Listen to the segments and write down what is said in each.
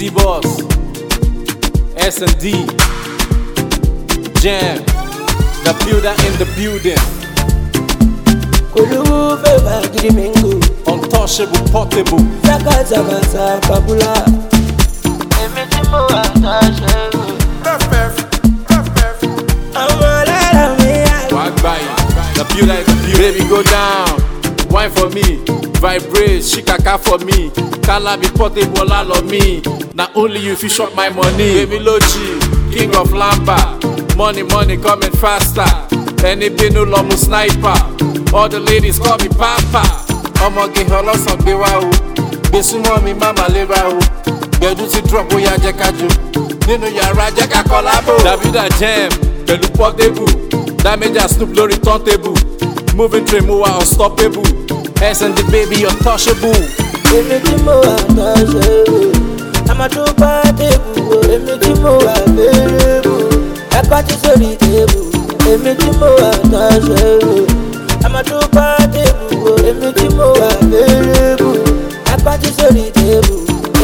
C Boss, S and D, Jam, the builder in the building. Untouchable, portable. Zaka zaka zaka bula. Èmi tí mo wà ká ṣe o. Àwọn ọlọ́run mi yá. Baby go down, wine for me. vibrate shikaka for me kala be portable lalo me na only you fit chop my money. èmi king of lamba money money coming faster ẹni bínú lọmú sniper all the ladies call me papa ọmọge ọlọ́sàn gbé wá o gbé súnmọ́ mi má má lera o gbẹ̀dú ti drop bóyá jẹ́ ká jó nínú yàrá jẹ́ ká kọ́ lábò. davida jam pẹ̀lú portable damager snoop lórí turntable moving train mo wà unstoppable. Hassan the baby untouchable. Èmi tí mo wà tọ́ṣe àmàdún bá débù o. Èmi tí mo wà béèrè bù ẹ bá ti sórí débù. Èmi tí mo wà tọ́ṣe àmàdún bá débù o. Èmi tí mo wà béèrè bù ẹ bá ti sórí débù.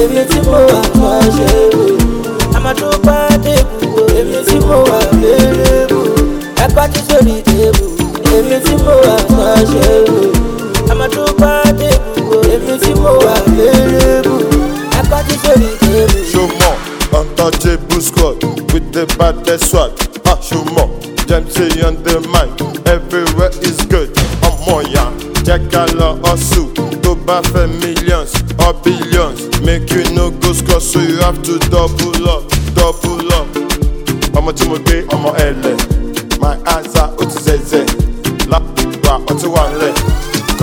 Èmi tí mo wà tọ́ṣe àmàdún bá débù o. Èmi tí mo wà béèrè bù ẹ bá ti sórí débù. Èmi tí mo wà tọ́ṣe o. tó bá dé bùkún èmi tí with the baddest swag ṣùgbọ́n jẹ́ǹsì on the mind everywhere is good ọmọ ya jẹ́ ká lọ hustle tó bá fẹ́ millions or billions make you no go so you have to double up double up ọmọ tí mo gbé ọmọ ẹlẹ my answer ó ti zẹzẹ lápá ọtí wà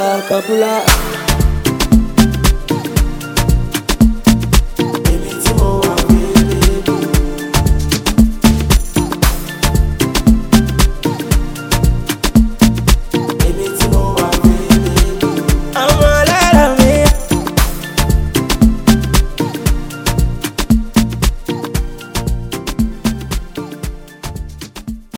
call Kabula.